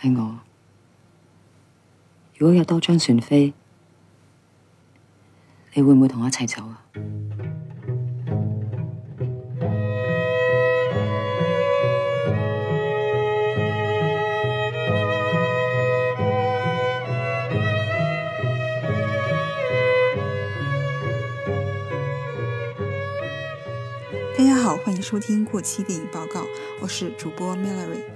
係我，如果有多張船飛，你會唔會同我一齊走啊？大家好，歡迎收聽過期電影報告，我是主播 Mallory。